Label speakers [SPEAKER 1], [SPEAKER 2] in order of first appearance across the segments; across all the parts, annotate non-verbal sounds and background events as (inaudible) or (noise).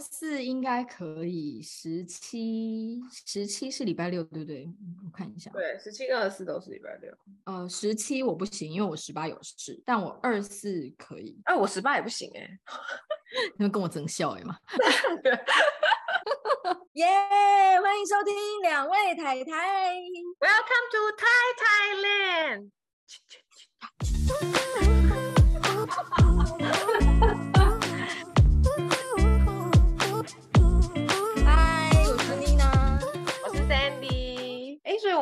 [SPEAKER 1] 四應該可以，十七、十七是禮拜六，對不對？我看一下，對，
[SPEAKER 2] 十七、二十四都是
[SPEAKER 1] 禮拜六。呃，十七我不行，因為我十八有事，但我二四可以。哎、啊，我十八也不行哎、欸，你們跟我爭笑哎、欸、嘛？耶 (laughs) (laughs) ，yeah, 歡迎收聽兩位泰台，Welcome to Thai Tai Land。 (laughs)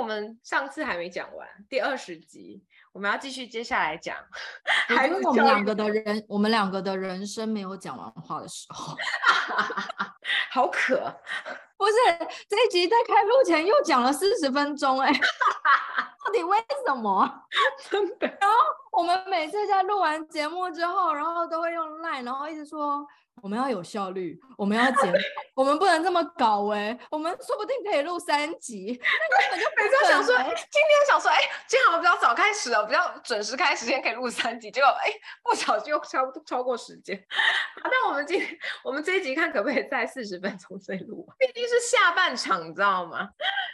[SPEAKER 2] 我們上次還沒講完第二十集，我們要繼續接下來講。
[SPEAKER 1] 還有我們兩個的人， (laughs) 我們兩個的人生沒有講完話的時候， (laughs) (laughs) 好渴。不是這一集在開錄前又講了四十分鐘，欸、哎， (laughs) (laughs) 到底為什麼？真的。然後我們每次在錄完節目之後，然後都會用 Line，然後一直說。我們要有效率，我們要剪， (laughs) 我們不能這麼搞哎、欸，我們說不定可以錄三集。那 (laughs) 你就每次都想說，今天想說，哎、欸，今天好像比較早開始哦，比較準
[SPEAKER 2] 時開時間可以錄三集，結果哎、欸、不小心又超超過時間。那、啊、我們今天我們這一集看可不可以在四十分鐘再錄、啊？畢竟是下半場，你知道嗎？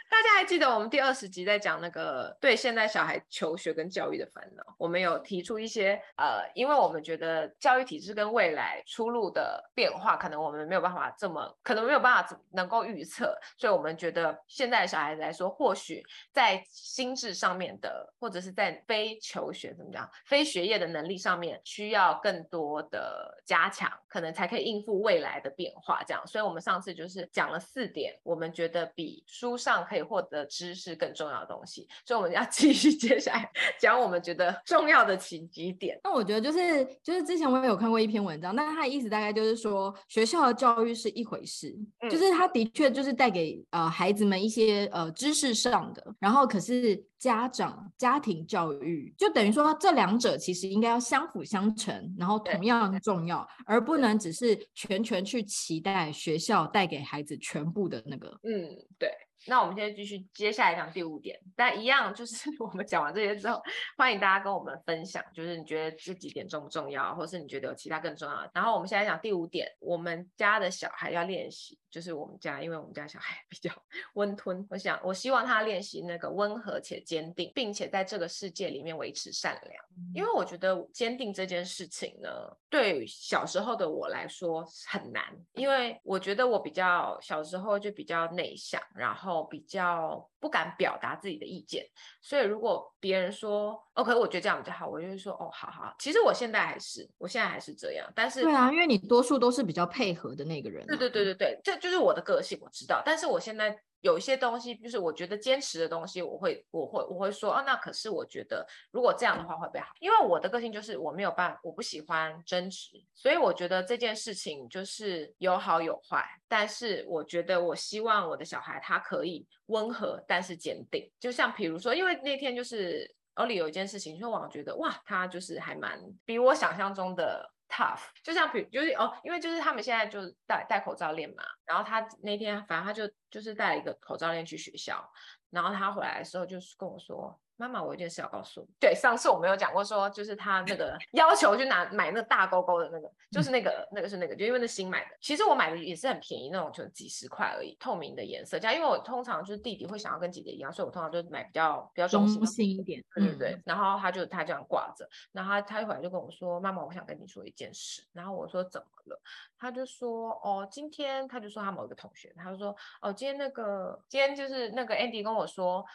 [SPEAKER 2] 大家還記得我們第二十集在講那個對現在小孩求學跟教育的煩惱，我們有提出一些呃，因為我們覺得教育體制跟未來出路的。變化可能我們沒有辦法這麼，可能沒有辦法能夠預測，所以我們覺得現在的小孩子來說，或許在心智上面的，或者是在非求學怎麼樣，非學業的能力上面需要更多的加強，可能才可以應付未來的變化這樣。所以我們上次就是講了四點，我們覺得比書上可以獲得知識更重要的東西，所以我們要繼續接下來講我們覺得
[SPEAKER 1] 重要的其幾點。那我覺得就是就是之前我有看過一篇文章，那他的意思大概就是。就是說，學校的教育是一回事，嗯、就是他的確就是帶給呃孩子們一些呃知識上的，然後可是家長家庭教育就等於說這兩者其實應該要相輔相成，然後同樣重要，而不能只是全權去期待學校帶給孩子全部的那個，
[SPEAKER 2] 嗯，對。那我們現在繼續接下來講第五點，但一樣就是我們講完這些之後，歡迎大家跟我們分享，就是你覺得這幾點重不重要，或是你覺得有其他更重要的。然後我們現在講第五點，我們家的小孩要練習。就是我們家，因為我們家小孩比較溫吞，我想，我希望他練習那個溫和且堅定，並且在這個世界裡面維持善良。嗯、因為我覺得堅定這件事情呢，對小時候的我來說很難，因為我覺得我比較小時候就比較內向，然後比較不敢表達自己的意見，所以如果別人說，OK，我覺得這樣比較好。我就是說，哦，好好。其實我現在還是，我現在還是這樣。但是對啊，因
[SPEAKER 1] 為你多數都是比較配合的那個人。啊，對
[SPEAKER 2] 對對對對，這就，就是我的個性，我知道。但是我現在有一些東西，就是我覺得堅持的東西我，我會我會我會說，哦，那可是我覺得，如果這樣的話，嗯、會不會好？因為我的個性就是我沒有辦法，我不喜歡爭執，所以我覺得這件事情就是有好有壞。但是我覺得，我希望我的小孩他可以溫和，但是堅定。就像比如說，因為那天就是。奧、哦、里有一件事情，就我覺得哇，他就是還蠻比我想象中的 tough 就。就像，是，比就是哦，因為就是他們現在就戴戴口罩練嘛，然後他那天反正他就就是戴了一個口罩練去學校，然後他回來的時候就是跟我說媽媽，我有一件事要告訴你。對，上次我沒有講過說，說就是他那個要求去拿 (laughs) 買那大勾勾的那個，就是那個 (laughs) 那個是那個，就因為那新買的，其實我買的也是很便宜，那種就幾十塊而已，透明的顏色。這樣，因為我通常就是弟弟會想要跟姐姐一樣，所以我通常就買比較比較重心中性一點。對對對、嗯。然後他就他這樣掛着，然後他，他一會兒就跟我說：“媽媽，我想跟你說一件事。”然後我說：“怎麼了？”他就說：“哦，今天他就說他某一個同學，他就說：‘哦，今天那個今天就是那個 Andy 跟我說。’”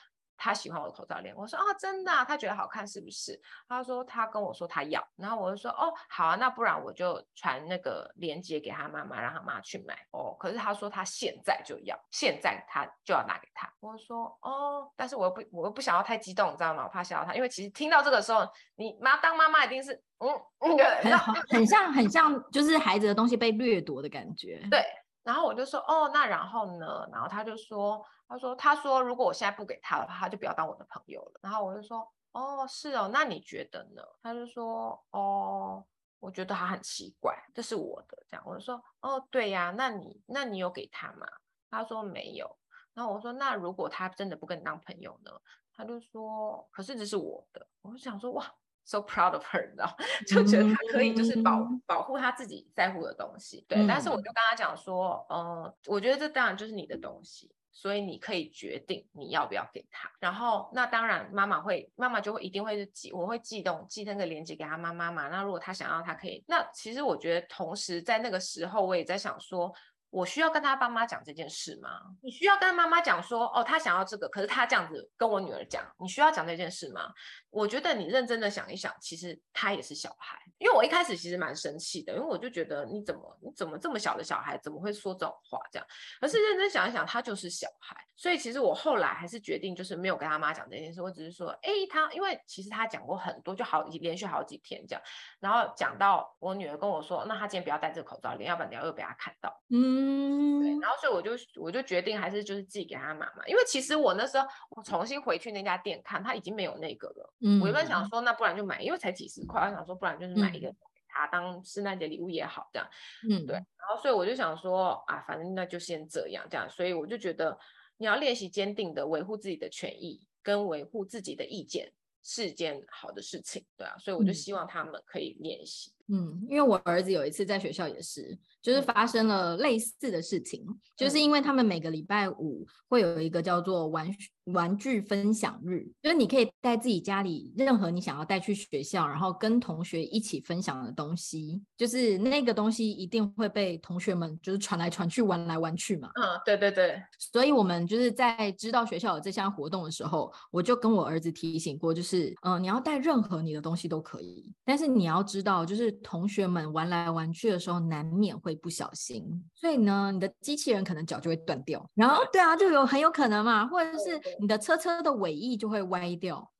[SPEAKER 2] 他喜歡我的口罩鏈，我說啊、哦，真的、啊，他覺得好看是不是？他說他跟我說他要，然後我就說哦，好啊，那不然我就傳那個鏈接給他媽媽，讓他媽去買哦。可是他說他現在就要，現在他就要拿給他。我說哦，但是我又不，我又不想要太激動，你知道嗎？我怕嚇到他，因為其實聽到這個時候，你媽當媽媽一定是嗯，那、嗯、個、
[SPEAKER 1] 嗯、很，很像很像就是孩子的東西被掠奪的感覺，對。
[SPEAKER 2] 然後我就說，哦，那然後呢？然後他就說，他說他說，如果我現在不給他的話，他就不要當我的朋友了。然後我就說，哦，是哦，那你覺得呢？他就說，哦，我覺得他很奇怪，這是我的，這樣。我就說，哦，對呀，那你那你有給他嗎？他說沒有。然後我說，那如果他真的不跟你當朋友呢？他就說，可是這是我的。我就想說，哇。so proud of her，你知道，就覺得他可以就是保、mm -hmm. 保護他自己在乎的東西，對。Mm -hmm. 但是我就跟他講說，呃、嗯，我覺得這當然就是你的東西，所以你可以決定你要不要給他。然後那當然媽媽會，媽媽就會一定會寄，我會寄動寄那個鏈接給他媽媽嘛。那如果他想要，他可以。那其實我覺得同時在那個時候，我也在想說。我需要跟他爸媽講這件事嗎？你需要跟他媽媽講說，哦，他想要這個，可是他這樣子跟我女兒講，你需要講這件事嗎？我覺得你認真的想一想，其實他也是小孩。因為我一開始其實蠻生氣的，因為我就覺得你怎麼你怎麼這麼小的小孩怎麼會說這種話這樣？可是認真想一想，他就是小孩，所以其實我後來還是決定就是沒有跟他媽講這件事，我只是說，哎，他因為其實他講過很多，就好連續好幾天這樣，然後講到我女兒跟我說，那他今天不要戴這個口罩，臉，要不然等下又被他看到，
[SPEAKER 1] 嗯。嗯，
[SPEAKER 2] 對，然後所以我就我就決定還是就是自己給他買嘛，因為其實我那時候我重新回去那家店看，他已經沒有那個了。嗯，我原本想說那不然就買，因為才幾十塊，我想說不然就是買一個給他當聖誕節禮物也好這樣。嗯，對，然後所以我就想說啊，反正那就先這樣這樣，所以我就覺得你要練習堅定的維護自己的權益跟維護自己的意見是件好的事情，對啊，所以我就希望他們可以練習。
[SPEAKER 1] 嗯，因為我兒子有一次在學校也是，就是發生了類似的事情，就是因為他們每個禮拜五會有一個叫做玩玩具分享日，就是你可以帶自己家裡任何你想要帶去學校，然後跟同學一起分享的東西，就是那個東西一定會被同學們就是傳來傳去，玩來玩去嘛。嗯，
[SPEAKER 2] 對對對，
[SPEAKER 1] 所以我們就是在知道學校有這項活動的時候，我就跟我兒子提醒過，就是嗯，你要帶任何你的東西都可以，但是你要知道就是。同學們玩來玩去的時候，難免會不小心，所以呢，你的機器人可能腳就會斷掉，然後對啊，就有很有可能嘛，或者是你的車車的尾翼就會歪掉。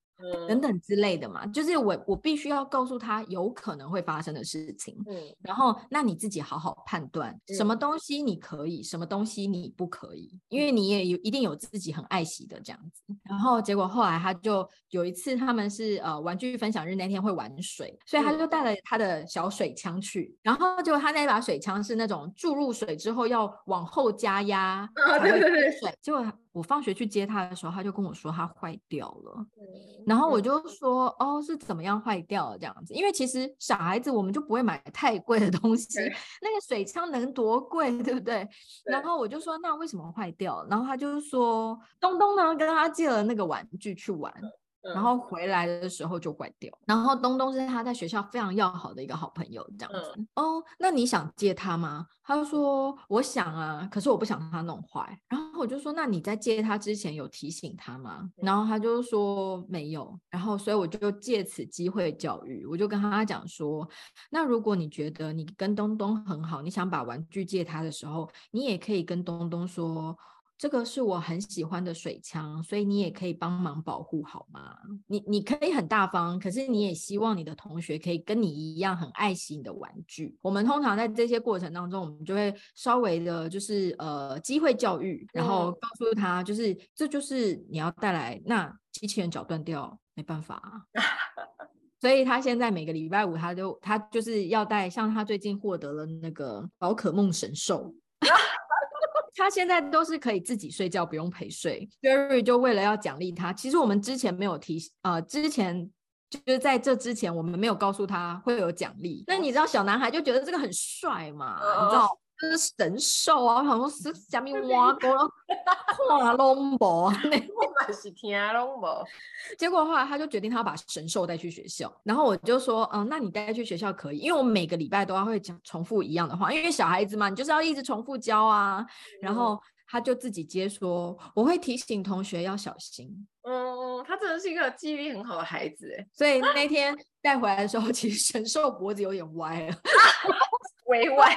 [SPEAKER 1] 等等之類的嘛，就是我我必須要告訴他有可能會發生的事情，嗯、然後那你自己好好判斷，嗯，什麼東西你可以，什麼東西你不可以，因為你也有一定有自己很愛惜的這樣子。然後結果後來他就有一次，他們是呃玩具分享日那天會玩水，所以他就帶了他的小水槍去，嗯、然後就他那把水槍是那種注入水之後要往後加壓，對、啊、對對對，就。我放學去接他的時候，他就跟我說他壞掉了。然後我就說，哦，是怎麼樣壞掉了？這樣子。因為其實小孩子我們就不會買太貴的東西，那個水槍能多貴，對不對？對。然後我就說，那為什麼壞掉？然後他就是說，東東呢跟他借了那個玩具去玩。然後回來的時候就壞掉。然後東東是他在學校非常要好的一個好朋友，這樣子、嗯。哦，那你想借他嗎？他就說我想啊，可是我不想他弄壞。然後我就說，那你在借他之前有提醒他嗎？嗯、然後他就說沒有。然後所以我就借此機會教育，我就跟他講說，那如果你覺得你跟東東很好，你想把玩具借他的時候，你也可以跟東東說。這個是我很喜歡的水槍，所以你也可以幫忙保護好嗎？你你可以很大方，可是你也希望你的同學可以跟你一樣很愛惜你的玩具。我們通常在這些過程當中，我們就會稍微的，就是呃，機會教育，然後告訴他，就是這就是你要帶來。那機器人腳斷掉，沒辦法啊，所以他現在每個禮拜五他就，他都他就是要帶，像他最近獲得了那個寶可夢神獸。 (laughs) 他現在都是可以自己睡覺，不用陪睡。Jerry 就為了要獎勵他，其實我們之前沒有提，呃，之前就是在這之前，我們沒有告訴他會有獎勵。那你知道小男孩就覺得這個很帥嘛？Oh. 你知道。是神獸啊，好像是下面挖溝了，看攏無？ (laughs) 我也是聽攏無？結果後來他就決定他要把神獸帶去學校，然後我就說，嗯，那你帶去學校可以，因為我每個禮拜都要會講重複一樣的話，因為小孩子嘛，你就是要一直重複教啊、嗯。然後他就自己接說，我會提醒同學要小心。嗯，
[SPEAKER 2] 他真的是一個記憶力很好的孩子、
[SPEAKER 1] 欸，所以那天帶回來的時候，其實神獸脖子有點歪了， (laughs) 微歪。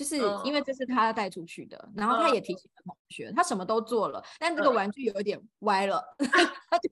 [SPEAKER 1] 就是因為這是他帶出去的，嗯、然後他也提醒了同學、嗯，他什麼都做了，但這個玩具有一點歪了，嗯、 (laughs) 他就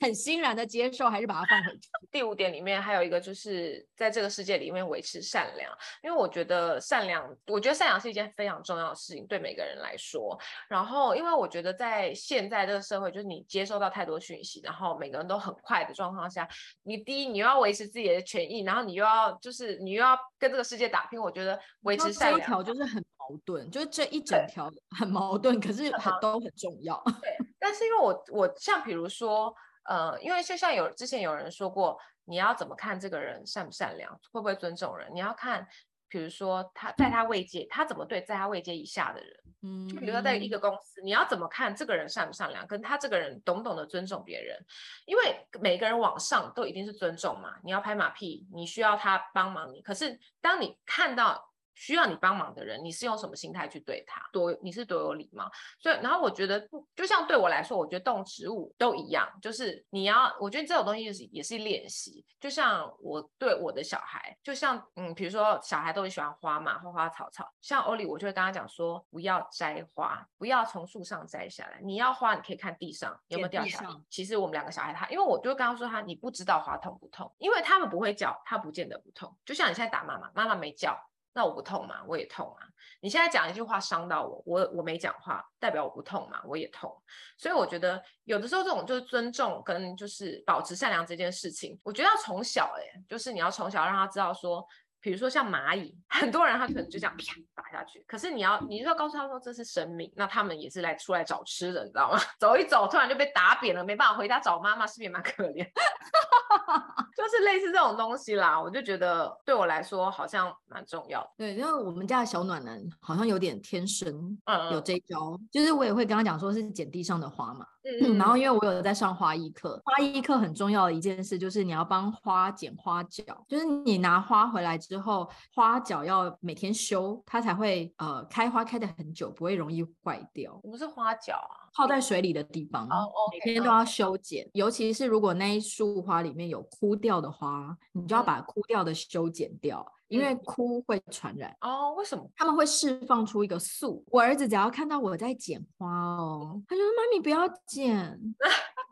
[SPEAKER 1] 很欣然的接受，還是把它放回去。
[SPEAKER 2] 第五點裡面還有一個就是在這個世界裡面維持善良，因為我覺得善良，我覺得善良是一件非常重要的事情，對每個人來說。然後，因為我覺得在現在這個社會，就是你接收到太多訊息，然後每個人都很快的狀況下，你第一，你又要維持自己的權益，然後你又要就是你又要跟這個世界打拼，我覺得維持善良。嗯嗯嗯條
[SPEAKER 1] 就是很矛盾，啊、就是這一整條很矛盾，可是很、嗯、都很重要。對，
[SPEAKER 2] 但是因為我我像比如說，呃，因為就像有之前有人說過，你要怎麼看這個人善不善良，會不會尊重人？你要看，比如說他在他位階，他怎麼對在他位階以下的人。
[SPEAKER 1] 嗯，就比如說在一
[SPEAKER 2] 個公司，你要怎麼看這個人善不善良，跟他這個人懂不懂得尊重別人？因為每個人往上都一定是尊重嘛，你要拍馬屁，你需要他幫忙你。可是當你看到。需要你幫忙的人，你是用什麼心態去對他？多，你是多有禮貌。所以，然後我覺得，就像對我來說，我覺得動植物都一樣，就是你要，我覺得這種東西就是也是練習。就像我對我的小孩，就像嗯，比如說小孩都很喜歡花嘛，花花草草。像歐裡，我就會跟他講說，不要摘花，不要從樹上摘下來。你要花，你可以看地上有沒有掉下來。其實我們兩個小孩他，他因為我就剛剛說他，你不知道花痛不痛，因為他們不會叫，他不見得不痛。就像你現在打媽媽，媽媽沒叫。那我不痛嗎？我也痛啊！你現在講一句話傷到我，我我沒講話，代表我不痛嘛。我也痛。所以我覺得有的時候這種就是尊重跟就是保持善良這件事情，我覺得要從小誒、欸，就是你要從小讓他知道說，比如說像螞蟻，很多人他可能就這樣啪打下去，可是你要你就要告訴他說這是生命，那他們也是來出來找吃的，你知道嗎？走一走，突然就被打扁了，沒辦法回家找媽媽，是不是也蠻可憐？ (laughs) (laughs) 就是類似這種東西啦，我就覺得對我來說好像蠻重要。
[SPEAKER 1] 對，因為我們家的小暖男好像有點天生，嗯，嗯，有這一招。就是我也會跟他講，說是撿地上的花嘛。嗯，然後，因為我有在上花藝課，花藝課很重要的一件事就是你要幫花剪花腳，就是你拿花回來之後，花腳要每天修，它才會呃開花開得很久，不會容易壞掉。我們是花腳啊？泡在水裡的地方，Okay. 然後每天都要修剪，Oh, okay, okay. 尤其是如果那一束花裡面有枯掉的花，你就要把枯掉的修剪掉。嗯因為哭會傳染哦，嗯 oh, 為什麼他們會釋放出一個素？我兒子只要看到我在剪花哦，他就說：“媽咪不要剪，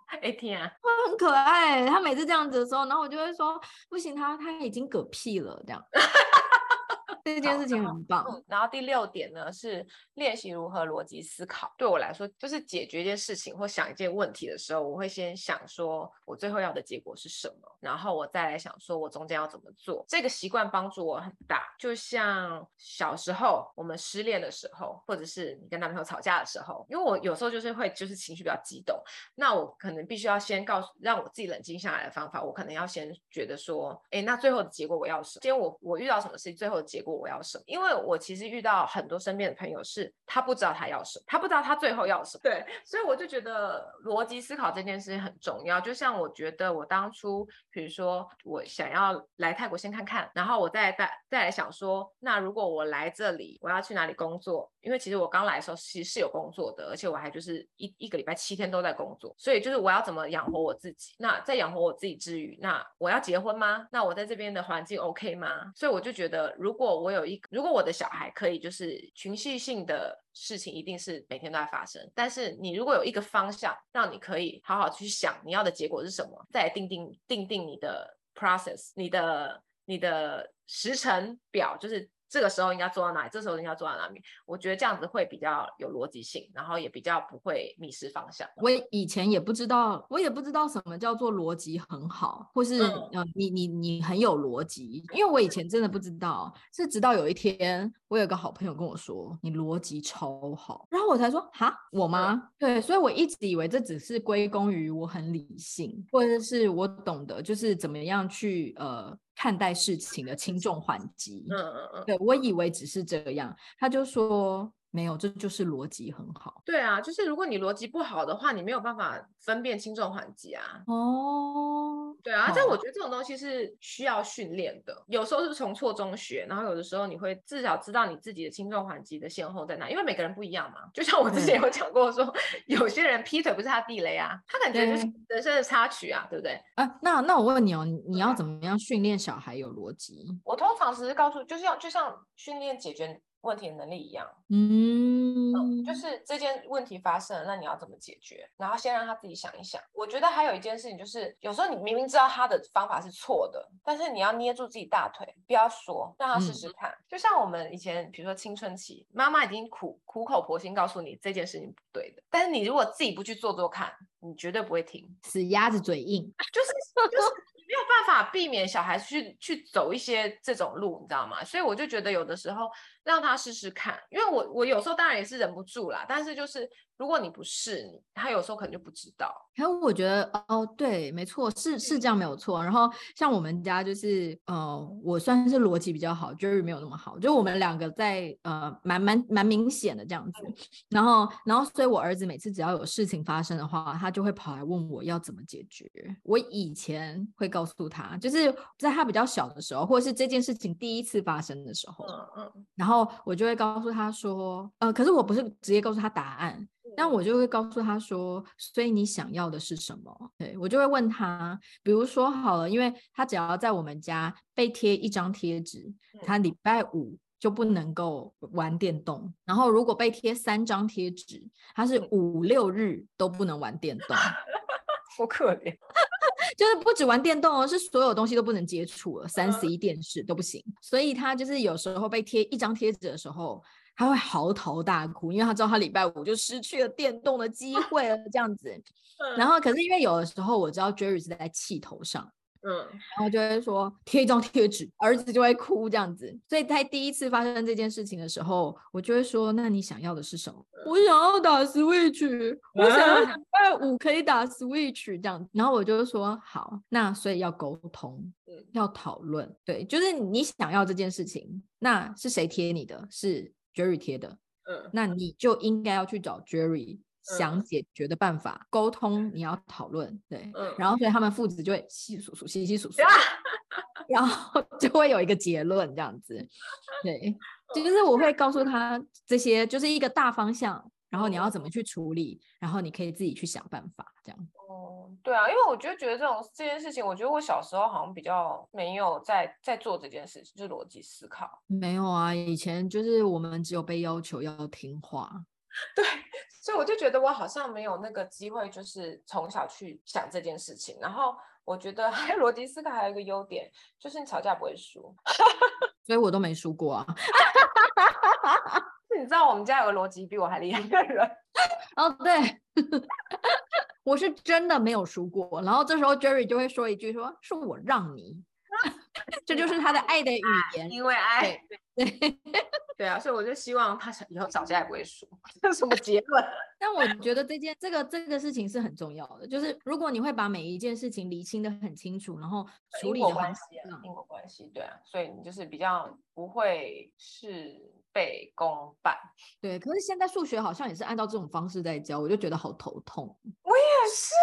[SPEAKER 2] 哎、 (laughs) 欸、天
[SPEAKER 1] 啊，他很可愛。”他每次這樣子的時候，然後我就會說：“不行，他他已經嗝屁了。”這樣。 (laughs) 這件事情很棒。嗯，然後
[SPEAKER 2] 第六點呢，是練習如何邏輯思考。對我來說，就是解決一件事情或想一件問題的時候，我會先想說，我最後要的結果是什麼，然後我再來想說我中間要怎麼做。這個習慣幫助我很大。就像小時候我們失戀的時候，或者是你跟男朋友吵架的時候，因為我有時候就是會就是情緒比較激動，那我可能必須要先告訴讓我自己冷靜下來的方法，我可能要先覺得說，誒，那最後的結果我要什麼？今天我我遇到什麼事情，最後的結果。我要什麼？因為我其實遇到很多身邊的朋友是，是他不知道他要什麼，他不知道他最後要什麼。對，所以我就覺得邏輯思考這件事很重要。就像我覺得我當初，比如說我想要來泰國先看看，然後我再再再來想說，那如果我來這裡，我要去哪裡工作？因為其實我剛來的時候其實是有工作的，而且我還就是一一個禮拜七天都在工作。所以就是我要怎麼養活我自己？那在養活我自己之餘，那我要結婚嗎？那我在這邊的環境 OK 嗎？所以我就覺得如果。我有一個，如果我的小孩可以，就是情緒性的事情一定是每天都在發生。但是你如果有一個方向，讓你可以好好去想你要的結果是什麼，再來定定定定你的 process，你的你的時程表就是。這個時候應該做到哪裡？這時候應該做到哪裡？我覺得這樣子會比較有邏輯性，然後也比較不會迷失方向。
[SPEAKER 1] 我以前也不知道，我也不知道什麼叫做邏輯很好，或是、嗯呃、你你你很有邏輯。因為我以前真的不知道，是直到有一天，我有個好朋友跟我說：“你邏輯超好。”然後我才說：“哈，我嗎、嗯？”對，所以我一直以為這只是歸功於我很理性，或者是我懂得就是怎麼樣去呃。看待事情的輕重緩急，對，我以為只是這樣，他就說。沒有，這就是邏輯很好。
[SPEAKER 2] 對啊，就是如果你邏輯不好的話，你沒有辦法分辨輕重緩急啊。哦，對啊，但我覺得這種東西是需要訓練的，有時候是從錯中學，然後有的時候你會至少知道你自己的輕重緩急的先後在哪裡，因為每個人不一樣嘛。就像我之前有講過說，說、嗯、有些人劈腿不是他地雷啊，他感覺就是人生的插曲啊，對，對不
[SPEAKER 1] 對？啊，那那我問你哦，你要怎麼樣訓練小孩有邏輯？
[SPEAKER 2] 我通常只是告訴，就是要就像訓練解決。問題的能力一樣，
[SPEAKER 1] 嗯，嗯，
[SPEAKER 2] 就是這件問題發生了，那你要怎麼解決？然後先讓他自己想一想。我覺得還有一件事情就是，有時候你明明知道他的方法是錯的，但是你要捏住自己大腿，不要說，讓他試試看。嗯。就像我們以前，比如說青春期，媽媽已經苦苦口婆心告訴你這件事情不對的，但是你如果自己不去做做看，你絕對不會聽，
[SPEAKER 1] 死鴨子嘴硬，
[SPEAKER 2] 就是就是你沒有辦法避免小孩子去去走一些這種路，你知道嗎？所以我就覺得有的時候。讓他試試看，因為我我有時候當然也是忍不住啦，但是就是如果你不試，他有時候可能就不知道。
[SPEAKER 1] 然後我覺得哦，對，沒錯，是是這樣沒有錯。然後像我們家就是呃，我算是邏輯比較好，Jerry 沒有那麼好，就我們兩個在呃蠻蠻蠻蠻明顯的這樣子。然後然後所以我兒子每次只要有事情發生的話，他就會跑來問我要怎麼解決。我以前會告訴他，就是在他比較小的時候，或者是這件事情第一次發生的時候，嗯嗯，然後。然後我就會告訴他說，呃，可是我不是直接告訴他答案，嗯、但我就會告訴他說，所以你想要的是什麼？對，我就會問他，比如說好了，因為他只要在我們家被貼一張貼紙、嗯，他禮拜五就不能夠玩電動。然後如果被貼三張貼紙，他是五六日都不能玩電動，嗯、 (laughs) 好可憐。就是不止玩電動哦，是所有東西都不能接觸了，三 C 電視都不行。所以他就是有時候被貼一張貼紙的時候，他會嚎啕大哭，因為他知道他禮拜五就失去了電動的機會了，這樣子。然後可是因為有的時候我知道 Jerry 是在氣頭上。嗯， (noise) 然後就會說貼一張貼紙，兒子就會哭這樣子。所以在第一次發生這件事情的時候，我就會說：那你想要的是什麼？ (noise) 我想要打 Switch，我想要禮拜五可以打 Switch 這樣，然後我就說好，那所以要溝通， (noise) 要討論，對，就是你想要這件事情，那是誰貼你的？是 Jerry 貼的，嗯， (noise) 那你就應該要去找 Jerry。想解決的辦法，溝通你要討論，對、嗯，然後所以他們父子就會細數數，細細數數，然後就會有一個結論這樣子，對，就是我會告訴他這些，就是一個大方向，然後你要怎麼去處理，嗯、然後你可以自己去想辦法這樣、嗯。
[SPEAKER 2] 對啊，因為我就覺得這種這件事情，我覺得我小時候好像比較沒有在在做這件事情，就是邏輯思考。
[SPEAKER 1] 沒有啊，以前就是我們只有被要求要聽話，
[SPEAKER 2] 對。所以我就覺得我好像沒有那個機會，就是從小去想這件事情。然後我覺得還有邏輯思考還有一個優點，就是你吵架不會輸，
[SPEAKER 1] 所以我都沒輸過啊。 (laughs) (laughs) 你知道我們家有個邏輯比我還厲害的人？哦、oh,，對， (laughs) 我是真的沒有輸過。然後這時候 Jerry 就會說一句說：“說是我讓你。” (music) 這就是他的愛的語
[SPEAKER 2] 言，因為愛。對對、對、對啊，所以我就希望他以後吵架也不會輸。這
[SPEAKER 1] 什 (laughs) 麼結論？但我覺得這件、這個、這個事情是很重要的，就是如果你會把每一件事情理清的很清楚，然後處理好。因果關係、
[SPEAKER 2] 啊，因果關係，對啊，所以你就是比較不會事倍功半。
[SPEAKER 1] 對，可是現在數學好像也是按照這種方式在教，我就覺得好頭痛。
[SPEAKER 2] 我也是，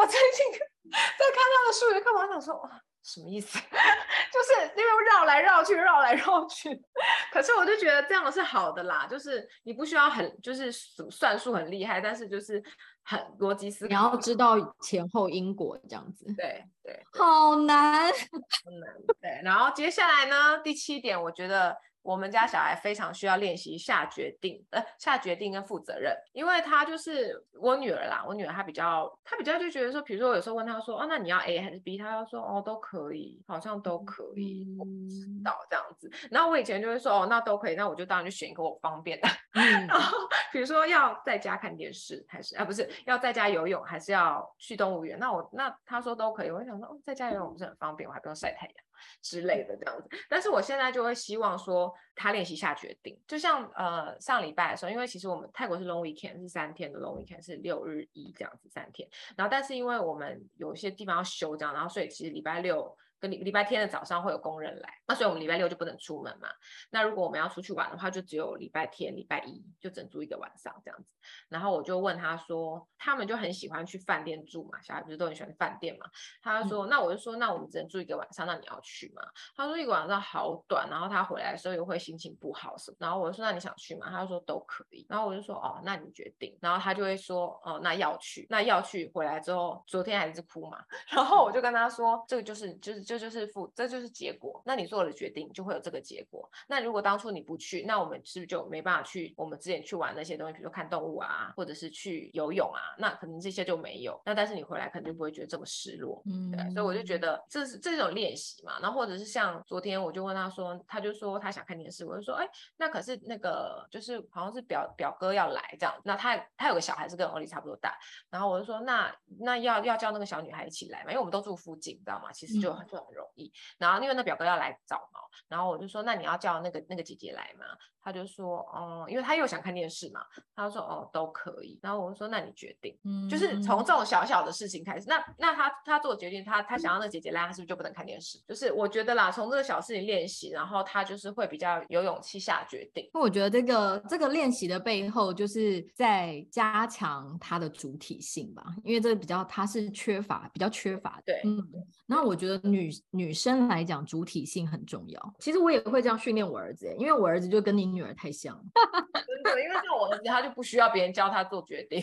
[SPEAKER 2] 我最近在看他的數學課本的時候，我就想說。什麼意思？ (laughs) 就是因為繞來繞去，繞來繞去。 (laughs) 可是我就覺得這樣是好的啦，就是你不需要很，就是數算術很厲害，但是就是很邏輯思考。你要知
[SPEAKER 1] 道前後因果這樣子。對對。好難，好
[SPEAKER 2] 難。對，然後接下來呢， (laughs) 第七點，我覺得。我們家小孩非常需要練習下決定，呃，下決定跟負責任，因為他就是我女兒啦。我女兒她比較，她比較就覺得說，比如說我有時候問她說，哦，那你要 A 還是 B？她要說，哦，都可以，好像都可以，我不知道這樣子。然後我以前就會說，哦，那都可以，那我就當然就選一個我方便的。嗯。然後比如說要在家看電視還是啊，不是要在家游泳還是要去動物園？那我那她說都可以，我想說，哦，在家游泳不是很方便，我還不用曬太陽。之類的這樣子，但是我現在就會希望說他練習下決定，就像呃上禮拜的時候，因為其實我們泰國是 long weekend 是三天的 long weekend 是六日一這樣子三天，然後但是因為我們有些地方要休這樣，然後所以其實禮拜六。跟你禮拜天的早上會有工人來，那所以我們禮拜六就不能出門嘛。那如果我們要出去玩的話，就只有禮拜天、禮拜一就整住一個晚上這樣子。然後我就問他說，他們就很喜歡去飯店住嘛，小孩不是都很喜歡飯店嘛？他就說、嗯，那我就說，那我們只能住一個晚上，那你要去嗎？他說一個晚上好短，然後他回來的時候又會心情不好什麼。然後我就說，那你想去嗎？他就說都可以。然後我就說，哦，那你決定。然後他就會說，哦，那要去，那要去。回來之後，昨天還是哭嘛。然後我就跟他說，這個就是就是。這就，就是負，這就是結果。那你做了決定，就會有這個結果。那如果當初你不去，那我們是不是就沒辦法去？我們之前去玩那些東西，比如看動物啊，或者是去游泳啊，那可能這些就沒有。那但是你回來肯定不會覺得這麼失落，嗯。對。所以我就覺得這是這種練習嘛。然後或者是像昨天我就問他說，他就說他想看電視，我就說，哎、欸，那可是那個就是好像是表表哥要來這樣。那他他有個小孩是跟歐麗差不多大，然後我就說，那那要要叫那個小女孩一起來嘛，因為我們都住附近，你知道嗎？其實就就。嗯很容易，然後因為那表哥要來找嘛，然後我就說，那你要叫那個那個姐姐來嗎？他就說哦、嗯，因為他又想看電視嘛。他就說哦，都可以。然後我說那你決定。嗯，就是從這種小小的事情開始。那那他他做決定，他他想要那姐姐拉他，是不是就不能看電視？就是我覺得啦，從這個小事情練習，然後他就是會比較有勇氣下決定。
[SPEAKER 1] 那我覺得這個這個練習的背後，就是在加強他的主體性吧。因為這比較他是缺乏，比較缺乏，對。嗯。那我覺得女女生來講，主體性很重要。其實我也會這樣訓練我兒子，因為我兒子就跟你女。女兒太像了，
[SPEAKER 2] 真 (laughs) 的， (laughs) (laughs) 因為像我兒子，他就不需要別人教他做決定。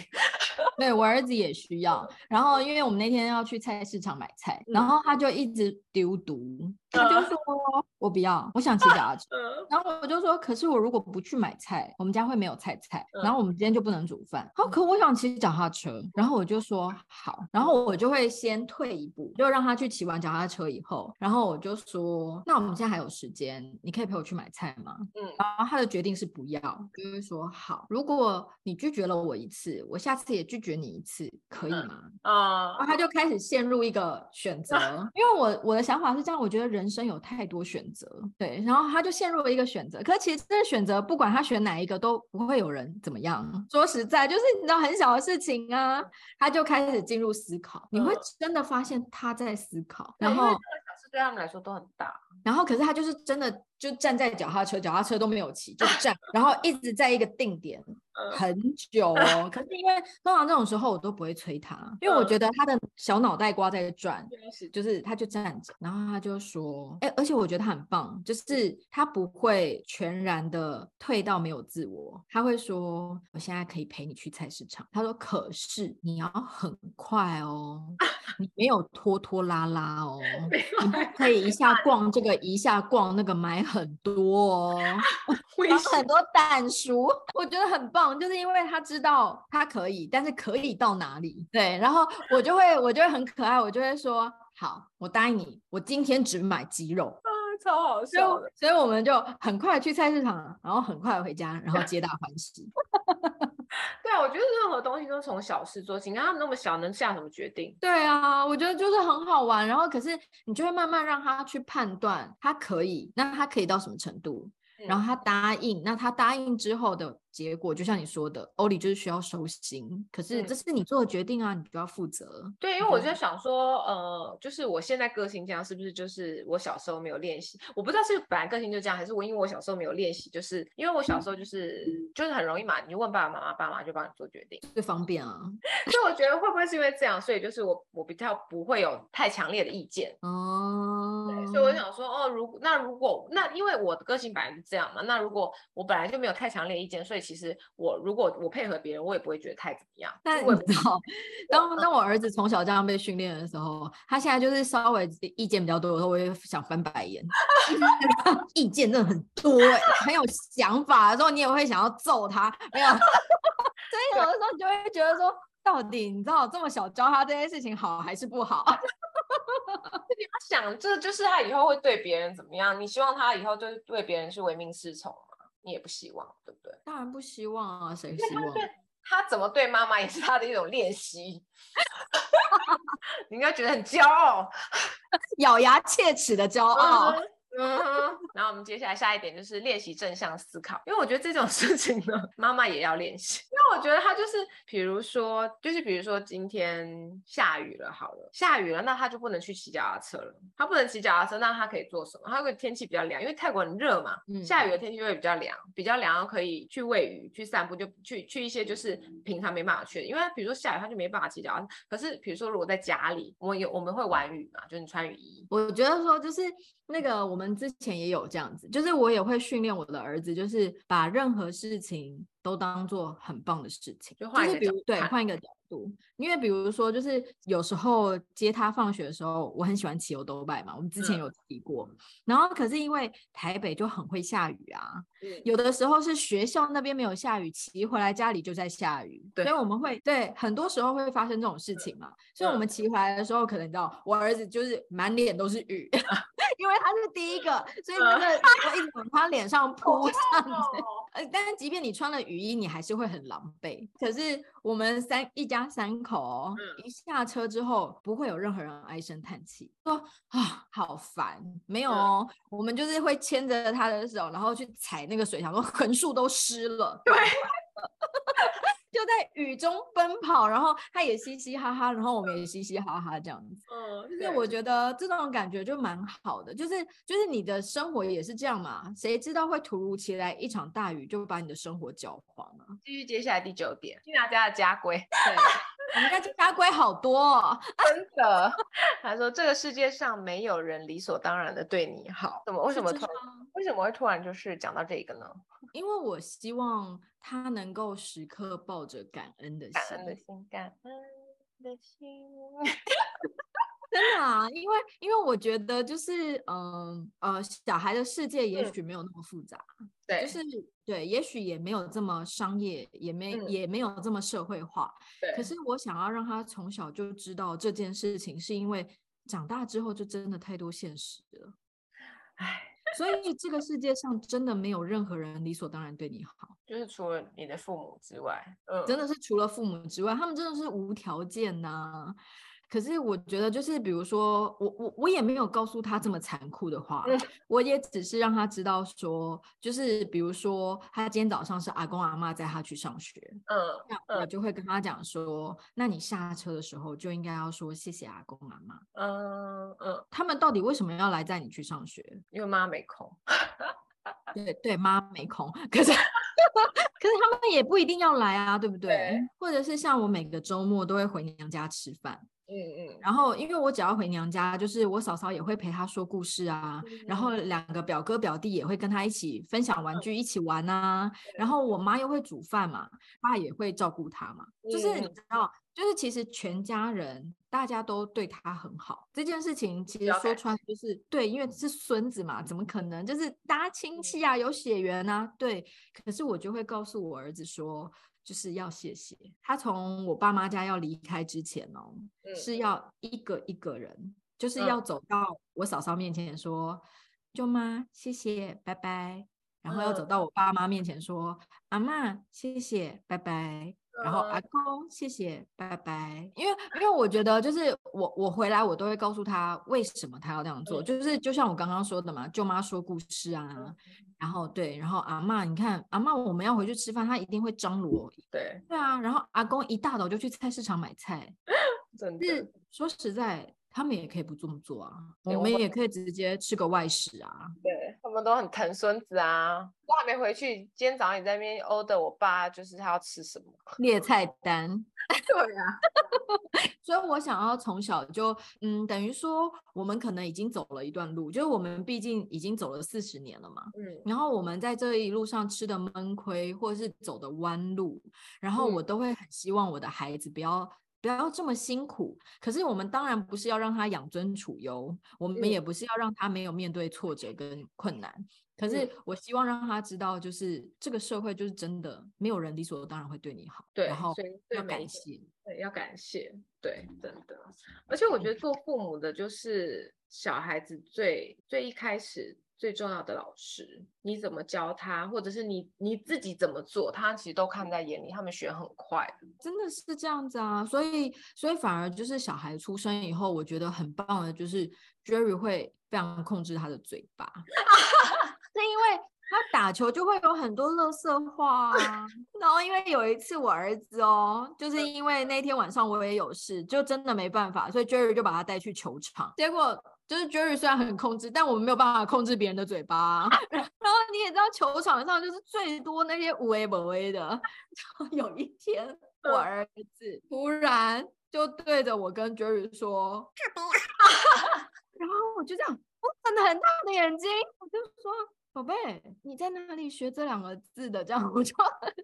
[SPEAKER 1] 對我兒子也需要。然後，因為我們那天要去菜市場買菜，然後他就一直丟毒。他就說、嗯：“我不要，我想騎腳踏車。嗯”然後我就說：“可是我如果不去買菜，我們家會沒有菜菜，然後我們今天就不能煮飯。嗯”好，可我想騎腳踏車，然後我就說：“好。”然後我就會先退一步，就讓他去騎完腳踏車以後，然後我就說：“那我們現在還有時間，你可以陪我去買菜嗎？”嗯，然後他。他的決定是不要，就是說好。如果你拒絕了我一次，我下次也拒絕你一次，可以嗎？啊、嗯嗯，然後他就開始陷入一個選擇，嗯、因為我我的想法是這樣，我覺得人生有太多選擇，對。然後他就陷入了一個選擇，可是其實這個選擇不管他選哪一個都不會有人怎麼樣、嗯。說實在，就是你知道很小的事情啊，他就開始進入思考。嗯、你會真的發現他在思考，嗯、然後
[SPEAKER 2] 對他們來說都很
[SPEAKER 1] 大。然後可是他就是真的。就站在腳踏車，腳踏車都沒有騎，就站、啊，然後一直在一個定點、啊、很久哦。可是因為通常這種時候我都不會催他，啊、因為我覺得他的小腦袋瓜在轉、嗯，就是他就站着，然後他就說：“哎、欸。而且我覺得很棒，就是他不會全然的退到沒有自我，他會說：我現在可以陪你去菜市場。他說：可是你要很快哦，啊、你沒有拖拖拉拉哦，你不可以一下逛這個，一下逛那個買。”很多、哦，很多膽熟，我覺得很棒，就是因為他知道他可以，但是可以到哪裡？對，然後我就會，我就會很可愛，我就會說好，我答應你，我今天只買雞肉啊，超好笑，所以我們就很快去菜市場，然後很快回家，然後皆大歡喜。嗯 (laughs)
[SPEAKER 2] (laughs) 對啊，我覺得任何東西都從小事做起。你看他們那麼小，
[SPEAKER 1] 能下什麼決定？對啊，我覺得就是很好玩。然後，可是你就會慢慢讓他去判斷，他可以，那他可以到什麼程度？然後他答應，嗯、那他答應之後的。結果就像你說的，歐里就是需要收心。可是這是你做的決定啊，嗯、你就要負責。對，因為我就在
[SPEAKER 2] 想說，呃，就是我現在個性這樣，是不是就是我小時候沒有練習？我不知道是本來個性就這樣，還是我因為我小時候沒有練習，就是因為我小時候就是、嗯、就是很容易嘛，你就問爸爸媽媽，爸媽就幫你做決定，最方便啊。 (laughs) 所以我覺得會不會是因為這樣，所以就是我我比較不會有太強烈的意見哦、
[SPEAKER 1] 嗯。對，所以我想
[SPEAKER 2] 說，哦，如果那如果那因為我的個性本來是這樣嘛，那如果我本來就沒有太強烈的意見，所以。其實我如果我配合別人，我也不會覺得太怎麼樣。
[SPEAKER 1] 但我不知道，當當我兒子從小這樣被訓練的時候，他現在就是稍微意見比較多的時候，我也想翻白眼。 (laughs) (laughs) (laughs) 意見真的很多、欸，很有想法的時候，你也會想要揍他。沒有， (laughs) 所以有的時候你就會覺得說，到底你知道這麼小教他這件事情好還是不好？你 (laughs) 要想，這、就是、就是他以後會
[SPEAKER 2] 對別人怎麼樣？你希望他以後就是對別人是唯命是從？你也不希望，對不對？當然不希望啊，誰希望？ (laughs) 他怎麼對媽媽也是他的一種練習， (laughs) (laughs) (laughs) 你應該覺得很驕傲，
[SPEAKER 1] (laughs) 咬牙切齒的驕傲。嗯
[SPEAKER 2] 嗯、uh -huh.， (laughs) 然後我們接下來下一點就是練習正向思考，因為我覺得這種事情呢，媽媽也要練習。因為我覺得她就是，比如說，就是比如說今天下雨了，好了，下雨了，那她就不能去騎腳踏車了。她不能騎腳踏車，那她可以做什麼？她會天氣比較涼，因為泰國很熱嘛。嗯，下雨的天氣會比較涼，比較涼，然後可以去餵魚，去散步，就去去一些就是平常沒辦法去的。因為比如說下雨，她就沒辦法騎腳踏，
[SPEAKER 1] 可是比如說如果在家裡，我有我們會玩雨嘛，就是穿雨衣。我覺得說就是那個我們。之前也有這樣子，就是我也會訓練我的兒子，就是把任何事情都當做很棒的事情，就換一個角度，就是比如對，換一個角度，因為比如說就是有時候接他放學的時候，我很喜歡騎 YouBike 嘛，我們之前有提過，嗯，然後可是因為台北就很會下雨啊，嗯、有的時候是學校那邊沒有下雨，騎回來家裡就在下雨。對，所以我們會對很多時候會發生這種事情嘛，所以我們騎回來的時候，可能你知道，嗯、我兒子就是滿臉都是雨。 (laughs) 因為他是第一個。所以、這個、 (laughs) 他的，他一直往他臉上撲上去，呃，但是即便你穿了雨衣，你還是會很狼狽。可是我們三一家三口哦，嗯、一下車之後不會有任何人唉聲嘆氣，說啊好煩，沒有、哦嗯，我們就是會牽着他的手，然後去踩那個水，想說橫豎都濕了。對。 (laughs) 就在雨中奔跑，然後他也嘻嘻哈哈，然後我們也嘻嘻哈哈，這樣子。嗯，就是我覺得這種感覺就蠻好的，就是就是你的生活也是這樣嘛，誰知道會突如其來一場大雨就把你的生活攪黃了？繼續接下來第九點，金家的家規。對， (laughs) 我們家家
[SPEAKER 2] 規好多哦， (laughs) 真的。他說這個世界上沒有人理所當然的對
[SPEAKER 1] 你好，怎麼為什麼突然？為
[SPEAKER 2] 什麼會突然就
[SPEAKER 1] 是講到這個呢？因為我希望他能夠時刻抱着感恩的心，感恩的心， (laughs) (laughs) 真的啊，因為因為我覺得就是嗯呃，呃，小孩的世界也許沒有那麼複雜，嗯、對，就是對，也許也沒有這麼商業，也沒、嗯、也沒有這麼社會化、嗯。對。可是我想要讓他從小就知道這件事情，是因為長大之後就真的太多現實了，唉。 (laughs) 所以這個世界上真的沒有任何人理所當然對你好，就
[SPEAKER 2] 是除了你的父母之外，呃、真
[SPEAKER 1] 的是除了父母之外，他們真的是無條件吶、啊。可是我覺得，就是比如說，我我我也沒有告訴他這麼殘酷的話，嗯，我也只是讓他知道說，就是比如說，他今天早上是阿公阿媽載他去上學，嗯，嗯，我就會跟他講說，那你下車的時候就應該要說謝謝阿公阿媽。嗯，嗯，他們到底為什麼要來載你去上學？因為媽沒空。 (laughs) 對對，媽沒空。可是 (laughs) 可是他們也不一定要來啊，對不對？對。或者是像我每個周末都會回娘家吃飯。嗯嗯，然後因為我只要回娘家，就是我嫂嫂也會陪她說故事啊，嗯、然後兩個表哥表弟也會跟她一起分享玩具，嗯、一起玩啊、嗯，然後我媽又會煮飯嘛，爸也會照顧她嘛，就是、嗯、你知道，就是其實全家人大家都對她很好。這件事情其實說穿就是、Okay. 對，因為是孫子嘛，怎麼可能？就是大家親戚啊，有血緣啊，對。可是我就會告訴我兒子說。就是要謝謝他。從我爸媽家要離開之前哦，嗯，是要一個一個人，
[SPEAKER 2] 就是要
[SPEAKER 1] 走到我嫂嫂面前也說：“舅、嗯、媽，謝謝，拜拜。”然後要走到我爸媽面前說：“嗯、阿嬤，謝謝，拜拜。”然後阿公，uh, 謝謝，拜拜。因為因為我覺得，就是我我回來，我都會告訴他為什麼他要這樣做。就是就像我剛剛說的嘛，舅媽說故事啊，嗯、然後對，然後阿嬤，你看阿嬤，我們要回去吃飯，他一定會張羅。對對啊，然後阿公一大早就去菜市場買菜，真的是說實在。他們也可以不這麼做啊，我們也可以直接吃個外食啊。對，他們
[SPEAKER 2] 都很疼孫子啊，我還沒回去，今天早上你在那邊 order。我爸就是他要吃什麼
[SPEAKER 1] 列菜單， (laughs) 對呀，啊。 (laughs) (laughs) 所以我想要從小就，嗯，等於說我們可能已經走了一段路，就是我們畢竟已經走了四十年了嘛。嗯。然後我們在這一路上吃的悶虧，或者是走的彎路，然後我都會很希望我的孩子不要。不要這麼辛苦。可是我們當然不是要讓他養尊處優，我們也不是要讓他沒有面對挫折跟困難。嗯、可是我希望讓他知道，就是、嗯、這個社會就是真的沒有人理所當然會對你好，對，然後要感謝。所以、對，對，要感謝，對，真的。
[SPEAKER 2] 而且我覺得做父母的，就是小孩子最最一開始。最重要的老師，你怎麼教他，或者是你你自己怎麼做，他其實都看在眼裡。他們學很快，
[SPEAKER 1] 真的是這樣子啊！所以，所以反而就是小孩出生以後，我覺得很棒的就是 Jerry 會非常控制他的嘴巴， (laughs) (laughs) (laughs) 是因為他打球就會有很多垃圾話。 (laughs) 然後，因為有一次我兒子哦，就是因為那天晚上我也有事，就真的沒辦法，所以 Jerry 就把他帶去球場，結果。就是 Jerry 雖然很控制，但我們沒有辦法控制別人的嘴巴。 (laughs) 然後你也知道，球場上就是最多那些無微不微的，的。 (laughs) 有一天， (laughs) 我兒子突然就對着我跟 Jerry 說：“ (laughs) (laughs) 然後我就這樣我瞪着很大的眼睛，我就說：“寶貝，你在哪裡學這兩個字的？”這樣我就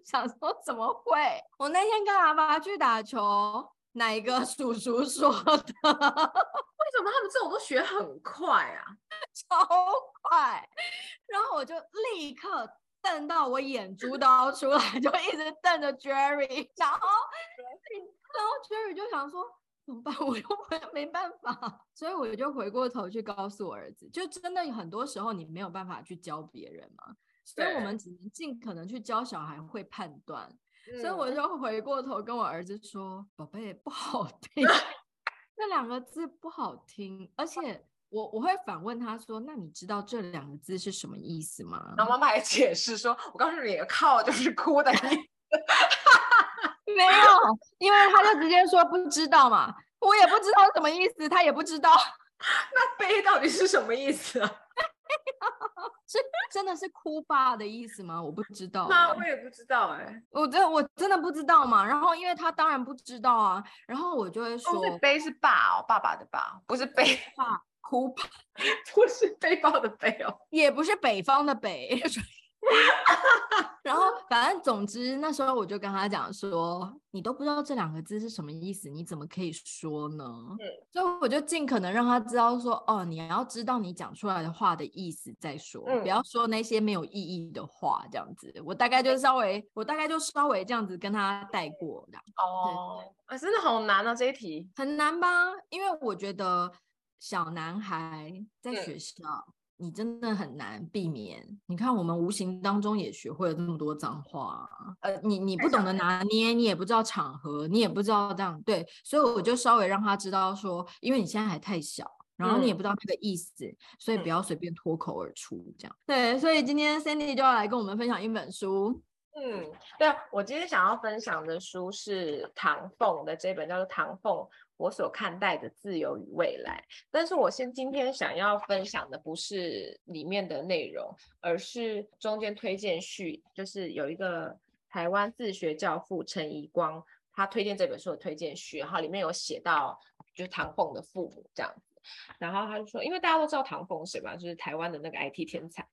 [SPEAKER 1] 想說：“怎麼會？我那天跟阿爸去打球。”哪一個叔叔說
[SPEAKER 2] 的？ (laughs) 為什麼他們這種都學很
[SPEAKER 1] 快啊，超快？然後我就立刻瞪到我眼珠都要出來，就一直瞪着 Jerry，然後， (laughs) 然後 Jerry 就想說怎麼辦？我又我又沒辦法，所以我就回過頭去告訴我兒子，就真的很多時候你沒有辦法去教別人嘛，所以我們只能盡可能去教小孩會判斷。嗯、所以我就回過頭跟我兒子說：“寶貝，不好聽， (laughs) 那兩個字不好聽，而且我我會反問他說：‘那你知道這兩個字是什麼意思嗎？’”然
[SPEAKER 2] 後媽媽還解釋說：“我告訴你，靠就是哭
[SPEAKER 1] 的意思。 (laughs) ”沒有，因為他就直接說不知道嘛，我也不知道什麼意思，他也不知道。 (laughs) 那悲到底是什麼意思啊？是真的是哭爸的意思嗎？我不知道、欸。那我也不知
[SPEAKER 2] 道哎、欸，
[SPEAKER 1] 我真我真的不知道嘛。然後因為他當然不知道啊，然後我就會說，背、哦、是爸哦，爸爸的爸，不是背，哭爸，不是背包的背哦，也不是北方的北。 (laughs) (laughs) 然後，反正總之，那時候我就跟他講說，你都不知道這兩個字是什麼意思，你怎麼可以說呢？嗯，所以我就盡可能讓他知道說，哦，你要知道你講出來的話的意思再說，嗯，不要說那些沒有意義的話。這樣子，我大概就稍微，我大概就稍微這樣子跟他帶過。哦，可、欸，真的好難啊，這一題很難吧？因為我覺得小男孩在學校。嗯你真的很難避免。你看，我們無形當中也學會了那麼多髒話。呃，你你不懂得拿捏，你也不知道場合，你也不知道這樣。對，所以我就稍微讓他知道說，因為你現在還太小，然後你也不知道那個意思，所以不要隨便脫口而出。這樣。對，所以今天 Sandy 就要來跟我們分享一本書。嗯，
[SPEAKER 2] 對啊，我今天想要分享的書是唐鳳的這本叫做《唐鳳：我所看待的自由與未來》。但是我先今天想要分享的不是裡面的內容，而是中間推薦序，就是有一個台灣自學教父陳怡光，他推薦這本書的推薦序，然後裡面有寫到就是唐鳳的父母這樣子，然後他就說，因為大家都知道唐鳳誰嘛，就是台灣的那個 IT 天才。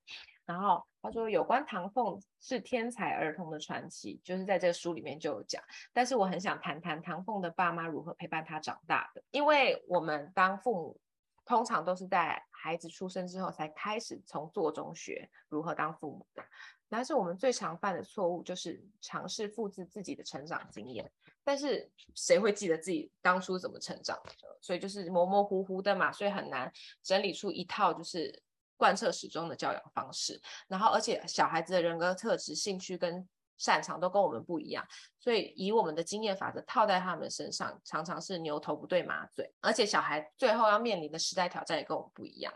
[SPEAKER 2] 然後他說，有關唐鳳是天才兒童的傳奇，就是在這個書裡面就有講。但是我很想談談唐鳳的爸媽如何陪伴他長大的，因為我們當父母通常都是在孩子出生之後才開始從做中學如何當父母的。但是我們最常犯的錯誤就是嘗試複製自己的成長經驗，但是誰會記得自己當初怎麼成長的時候？所以就是模模糊糊的嘛，所以很難整理出一套就是。貫徹始終的教養方式，然後而且小孩子的人格特質、興趣跟擅長都跟我們不一樣，所以以我們的經驗法則套在他們身上，常常是牛頭不對馬嘴。而且小孩最後要面臨的時代挑戰也跟我們不一樣。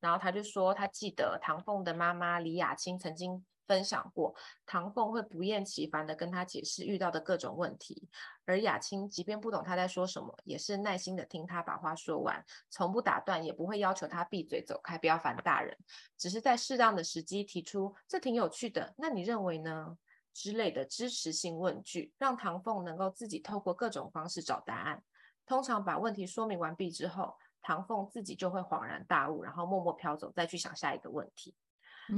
[SPEAKER 2] 然後他就說，他記得唐鳳的媽媽李雅卿曾經。分享過，唐鳳會不厭其煩的跟他解釋遇到的各種問題，而雅青即便不懂他在說什麼，也是耐心的聽他把話說完，從不打斷，也不會要求他閉嘴走開，不要煩大人，只是在適當的時機提出“這挺有趣的，那你認為呢？”之類的支持性問句，讓唐鳳能夠自己透過各種方式找答案。通常把問題說明完畢之後，唐鳳自己就會恍然大悟，然後默默飄走，再去想下一個問題。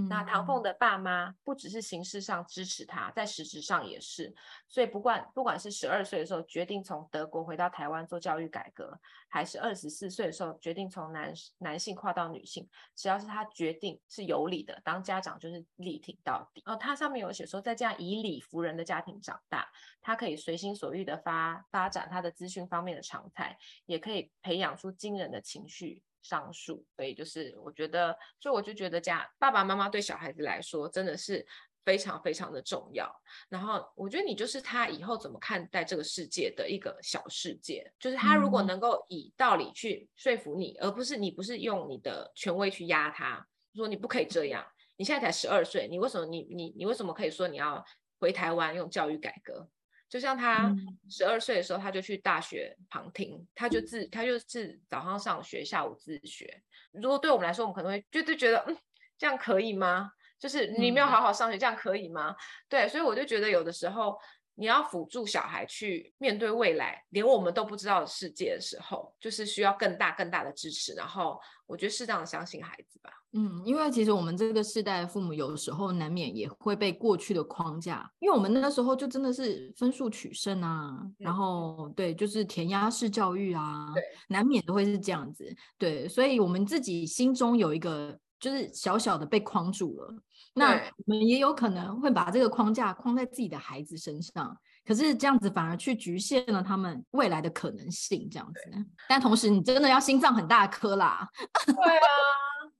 [SPEAKER 2] 那唐鳳的爸媽不只是形式上支持他，在實質上也是。所以不管不管是十二歲的時候決定從德國回到台灣做教育改革，還是二十四歲的時候決定從男男性跨到女性，只要是他決定是有理的，當家長就是力挺到底。哦，他上面有寫說，在這樣以理服人的家庭長大，他可以隨心所欲的發發展他的資訊方面的長才，也可以培養出驚人的情緒。上述，所以就是我覺得，所以我就覺得家爸爸媽媽對小孩子來說真的是非常非常的重要。然後我覺得你就是他以後怎麼看待這個世界的一個小世界，就是他如果能夠以道理去說服你，嗯、而不是你不是用你的權威去壓他，說你不可以這樣。你現在才十二歲，你為什麼你你你為什麼可以說你要回台灣用教育改革？就像他十二歲的時候，他就去大學旁聽，他就自他就是早上上學，下午自學。如果對我們來說，我們可能會就就覺得，嗯，這樣可以嗎？就是你沒有好好上學，嗯，這樣可以嗎？對，所以我就覺得有的時候。你要輔助小孩去面對未來，連我們都不知道的世界的時候，就是需要更大、更大的支持。然後，我覺得適當的相信孩子吧。嗯，
[SPEAKER 1] 因為其實我們這個世代的父母，有時候難免也會被過去的框架，因為我們那時候就真的是分數取勝啊，嗯、然後對，就是填鴨式教育啊，難免都會是這樣子。對，所以我們自己心中有一個。就是小小的被框住了，那我們也有可能會把這個框架框在自己的孩子身上，可是這樣子反而去局限了他們未來的可能性。這樣子，但同時你真的要心臟很大顆啦。
[SPEAKER 2] 對啊，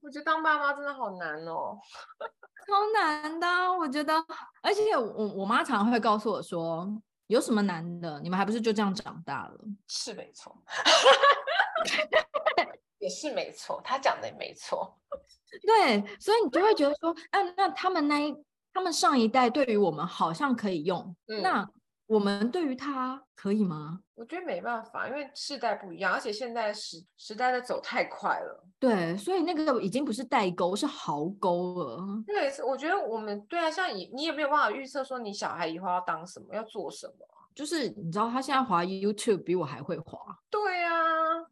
[SPEAKER 2] 我覺得當爸媽真的好難哦，
[SPEAKER 1] 超難的，我覺得。而且我我媽常常會告訴我說：“有什麼難的？你們還不是就這樣長大了？”是沒錯，
[SPEAKER 2] (laughs) 也是沒錯，她講的也沒錯。
[SPEAKER 1] 對，所以你就會覺得說，啊，那他們那一，他們上一代對於我們好像可以用，嗯，那我們對於他可以嗎？
[SPEAKER 2] 我覺得沒辦法，因為世代不一樣，而且現在時時代的走太快了。
[SPEAKER 1] 對，所以那個已經不是代溝，是壕溝了。
[SPEAKER 2] 對，是我覺得我們，對啊，像你，你也沒有辦法預測說你小孩以後要當什麼，要做什麼。
[SPEAKER 1] 就是你知道，他現在滑 YouTube 比我還會滑，對啊，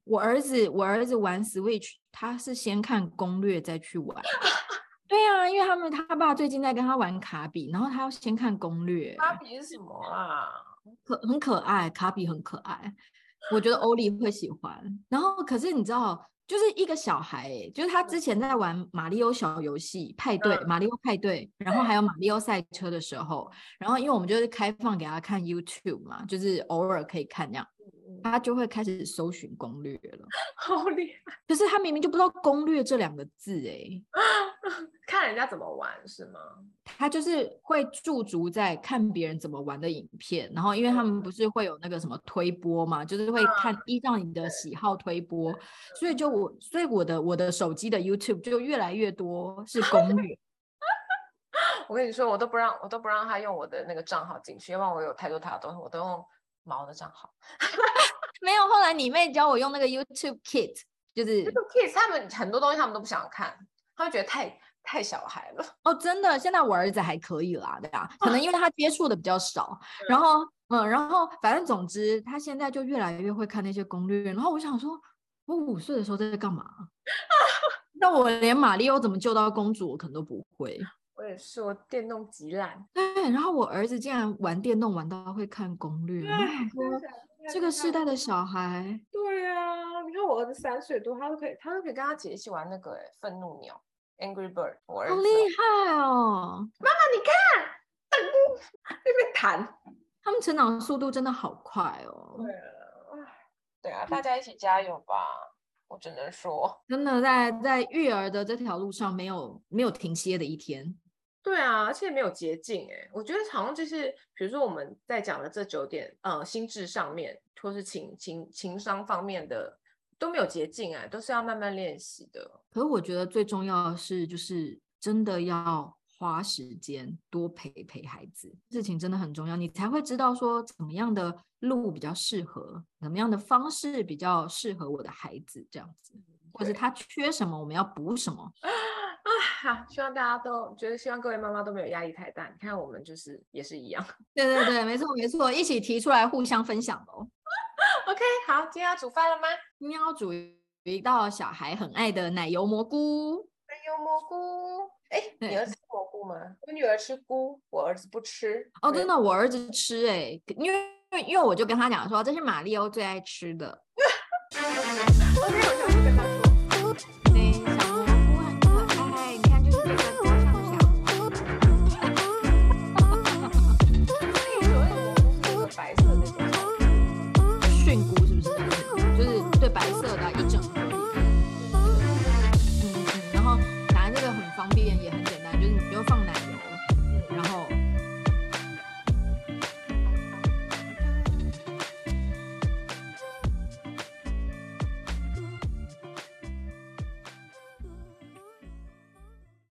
[SPEAKER 1] 我兒子我兒子玩 Switch，他是先看攻略再去玩， (laughs) 對啊，因為他們他爸最近在跟他玩卡比，然後他要先看攻略。
[SPEAKER 2] 卡比是什麼啊？
[SPEAKER 1] 可很可愛，卡比很可愛， (laughs) 我覺得 Oli 會喜歡。然後可是你知道。就是一個小孩、欸，就是他之前在玩馬里奧小遊戲派對、馬里奧派對，然後還有馬里奧賽車的時候，然後因為我們就是開放給他看 YouTube 嘛，就是偶爾可以看這樣，他就會開始搜尋攻略了，好厲害！可、就是他明明就不知道攻略這兩個字哎、欸。
[SPEAKER 2] 看人家怎麼玩是嗎？
[SPEAKER 1] 他就是會駐足在看別人怎麼玩的影片，然後因為他們不是會有那個什麼推播嘛，就是會看依照你的喜好推播，啊、所以就我所以我的我的手機的 YouTube 就越來越多是攻略。
[SPEAKER 2] (laughs) 我跟你說，我都不讓我都不讓他用我的那個賬號進去，因為我有太多他的東西，我都用毛的賬號。
[SPEAKER 1] (laughs) 沒有，後來
[SPEAKER 2] 你妹教我用那個 YouTube Kids，就是、這個、Kids，他們很多東西他們都不想看。他覺得太太小孩
[SPEAKER 1] 了哦，真的，現在我兒子還可以啦，對吧、啊？可能因為他接觸的比較少，啊、然後嗯，然後反正總之，他現在就越來越會看那些攻略。然後我想說，我五歲的時候在幹嘛、啊？那我連瑪利歐怎麼救到公主，我可能都不會。
[SPEAKER 2] 我也是，我電動極爛。
[SPEAKER 1] 對，然後我兒子竟然玩電動玩到會看攻略。
[SPEAKER 2] 這個
[SPEAKER 1] 世代的小孩，
[SPEAKER 2] 對啊，你看我兒子三歲多，他都可以，他都可以跟他姐一起玩那個欸、憤怒鳥。Angry Bird，
[SPEAKER 1] 好厲害哦！媽媽，你看，噔，那邊彈，他們成長速度真的好快哦。
[SPEAKER 2] 對,對啊，大家一起加油吧！嗯，我只能說，
[SPEAKER 1] 真的在在育兒的這條路上，沒有沒有停歇的一天。
[SPEAKER 2] 對啊，而且沒有捷徑哎，我覺得好像就是，比如說我們在講的這九點，呃，心智上面，或是情情情商方面的。都沒有捷徑哎、啊，都是要慢慢練習的。
[SPEAKER 1] 可是我覺得最重要的是，就是真的要花時間多陪陪孩子，事情真的很重要，你才會知道說怎麼樣的路比較適合，怎麼樣的方式比較適合我的孩子這樣子，或者他缺什麼，我們要補什麼。
[SPEAKER 2] 啊，好，希望大家都覺得，希望各位媽媽都沒有壓力太大。你看我們就是也是一樣。
[SPEAKER 1] 對對對，沒錯沒錯，一起提出來互相分享哦。OK，好，今天要煮飯了嗎？今天要煮一道小孩很愛的奶油蘑菇。奶
[SPEAKER 2] 油蘑菇，哎，你兒子吃蘑菇嗎？我女兒吃菇，我兒子不吃。哦、oh,，真的，我
[SPEAKER 1] 兒子吃、欸，哎，因為因為我就跟他講說，這是瑪利歐最愛吃的。 (laughs) okay, okay, okay. (laughs)